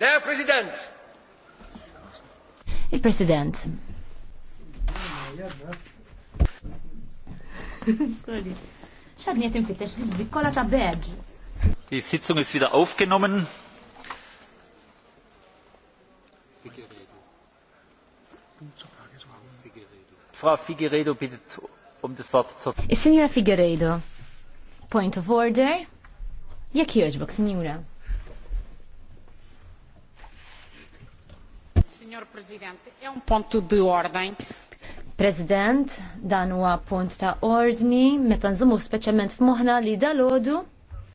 Der President! Il-President. Skolli. Xadni jtim fittex li zikkola ta' Die Sitzung ist wieder aufgenommen. Frau Figueredo bittet um das Wort zur... Signora Figueredo, point of order. Jekk joġbok, signora. Signor Presidente, è un um punto di ordine. President, dan huwa punt ta' ordni, meta nżumu speċjalment f'moħħna li dalodu